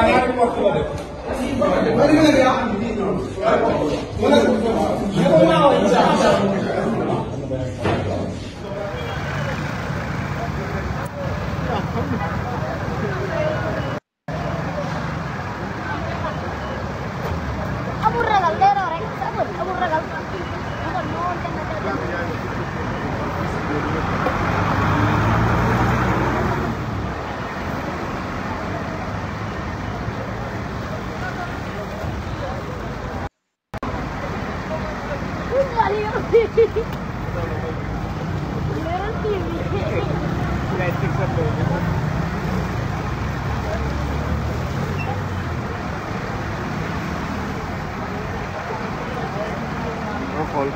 大家这么喝的，我得跟他聊，你得聊，我你给骂我一下。xool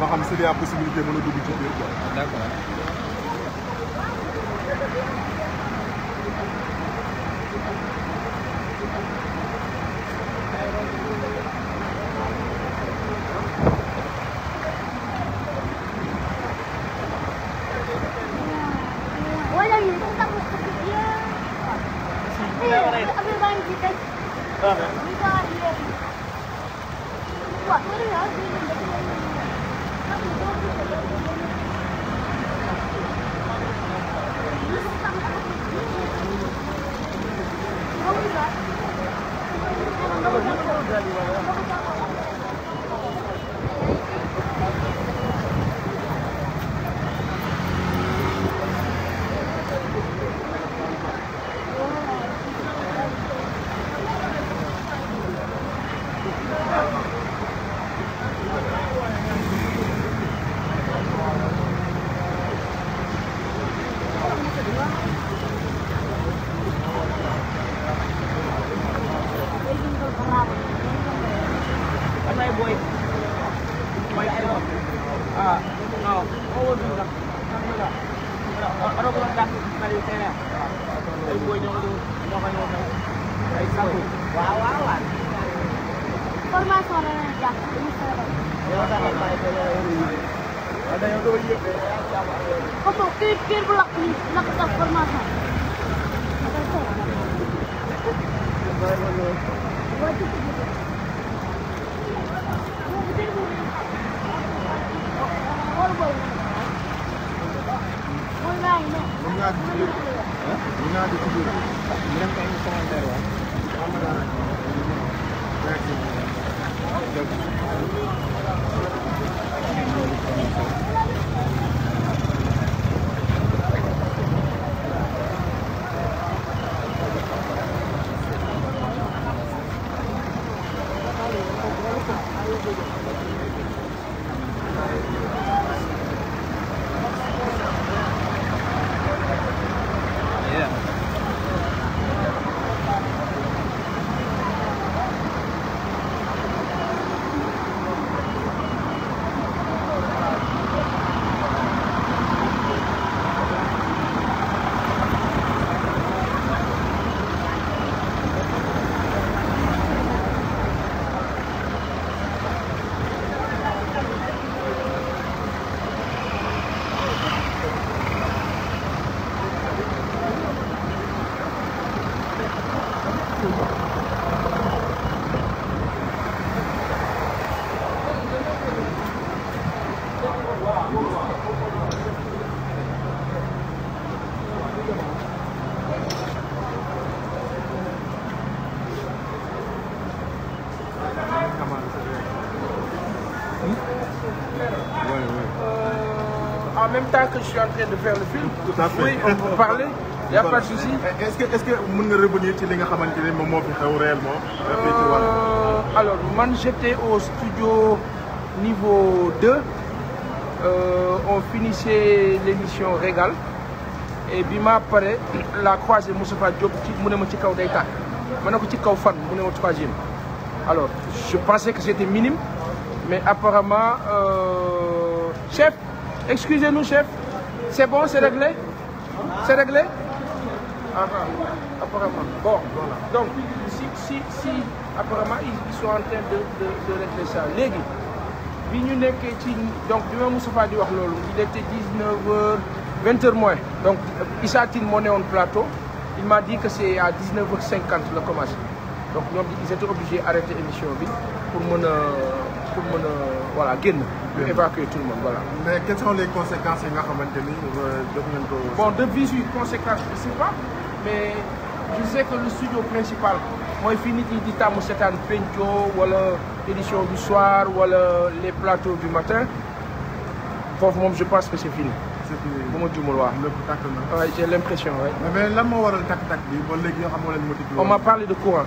ba xam c'est la possibilité mën a dugg ci biir quoi d'accord Anyway, Ada yang tuh iya. Kamu kikir pulak ni nak tak permasalahan. Mengadu, mengadu, mengadu. Mereka ini sangat teruk. même temps que je suis en train de faire le film. tout à fait oui on peut parler. n'y a pas de souci. est-ce que est-ce que revenir sur ce que réellement. Euh, alors moi, j'étais au studio niveau 2 euh, on finissait l'émission Régal et puis après, la croisée Moussa Diop ci mu ne ma ci kaw day ko fan troisième alors je pensais que c'était minime mais apparemment euh, chef Excusez-nous, chef. C'est bon, c'est réglé C'est réglé ah, ah, apparemment. Bon, voilà. Donc, si, si, apparemment, ils, sont en train de, de, régler ça. Légui, donc demain Moussafa di il était 19h 20h moins donc Issa Tine mon en plateau il m'a dit que c'est à 19h50 le commerce. donc ils étaient obligés d'arrêter l'émission bi pour mon pour voilà génn. évacuer tout le monde voilà. mais quelles sont les conséquences yi nga euh, def ko. bon de visu conséquences, je sais pas mais je sais que le studio principal mooy il dit à di certain seetaan ou « wala édition du soir wala les plateaux du matin foofu je pense que c'est fini. c'est fini bu ma j'ai l'impression mais là, waral tàkk tac bi on m'a parlé de courant.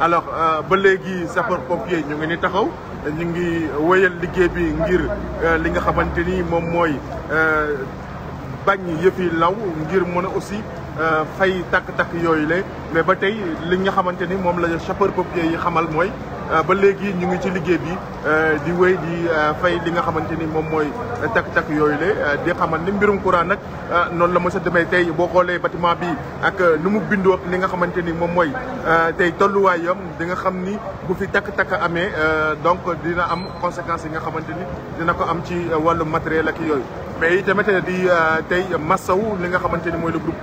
alors ba légui sapeur pompier ñu ngi ni taxaw ñu ngi wëyel liggé bi ngir li fay tak tak yoy le mais ba tay li nga xamanteni Euh, ba léegi ñu ngi ci liggéey bi euh, di wéy di euh, fay li nga xamante ni moom mooy takk-takk yooyu le di xamal ni mbirum courant nag noonu la mos a demee tey boo xoolee bâtiment bi ak nu mu bindoo ak li nga xamante ni moom mooy tey tolluwaayam di nga xam ni bu fi takk-takk amee donc dina am conséquences yi nga xamante ni dina ko am ci wàllu matériel ak yooyu mais itamit di tey massaw li nga xamante ni mooy le groupe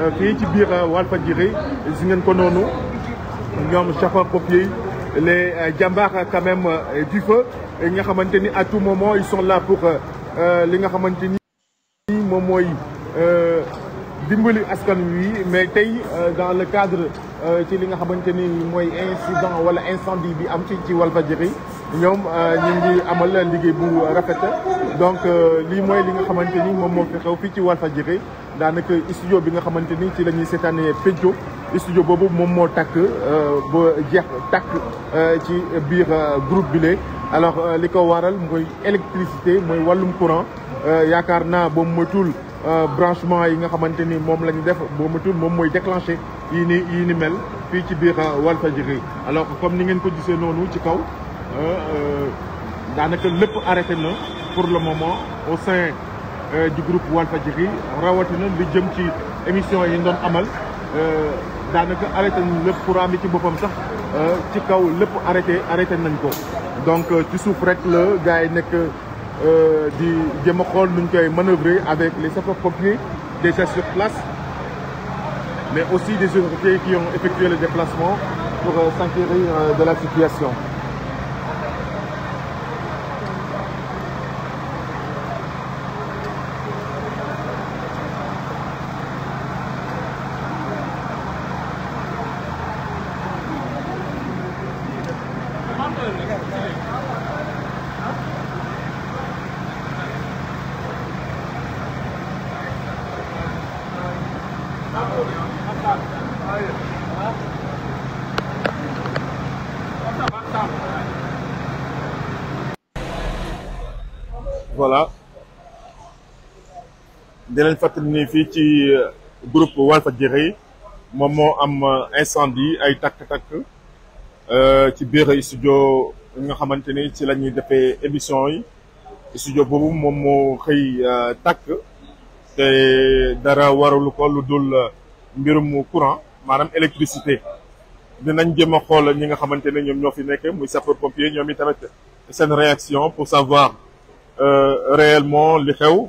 Euh, fii ci biir euh, Walfadjri si ngeen ko noonu ñoom sapeurs-pompiers les euh, jàmbaar quand même du feu ñi nga xamante à tout moment ils sont là pour li nga xamante ni moom mooy dimbali askan wi mais tey dans le cadre ci li nga xamante ni mooy incident wala incendie bi am ci ci Walfadjri ñoom ñu ngi amal liggéey bu rafet donc lii mooy li nga xamante ni moom moo fi xew fii ci Walfadjri danaka studio bi nga xamanteni ni ci la ñuy seetaanee penco studio boobu moom moo takk euh, ba jeex takk euh, ci biir euh, groupe bi lé alors liko waral moy électricité moy walum courant yaakaar naa bo matul branchement yi nga xamanteni mom lañu def bo matul mom moy déclencher yii ni ni mel fi ci biir Walfadjri alors comme ni ngeen ko gissé noonu ci kaw danaka lépp arrêté na pour le moment au sein euh, du groupe Walfadjri rawatina li jëm ci émission yi ñu amal euh, daanaka arrêté le programme courant bi ci boppam sax euh, ci kaw lépp arrêté arrêté nañ ko. donc ci souffres le la gars yi que di jëm a nuñ avec les sapeurs-pompiers déjà sur place mais aussi des autorités qui ont effectué le déplacement pour s'enquérir de la situation. di leen ni fii ci euh, groupe Walfadjri moom moo am euh, incendie ay takk-takk euh, ci studio nga xamante ci lañuy défé émission yi studio bobu moom moo xëy takk te dara warul ko lu dul mbirum courant manam électricité dinañ jëma xol ñi nga xamante ñom ñofi nekk muy sapeur pompier ñoom itamit seen réaction pour savoir réellement li xew.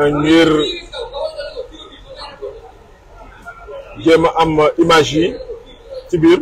Euh, ngir jéem a am image yi ci biir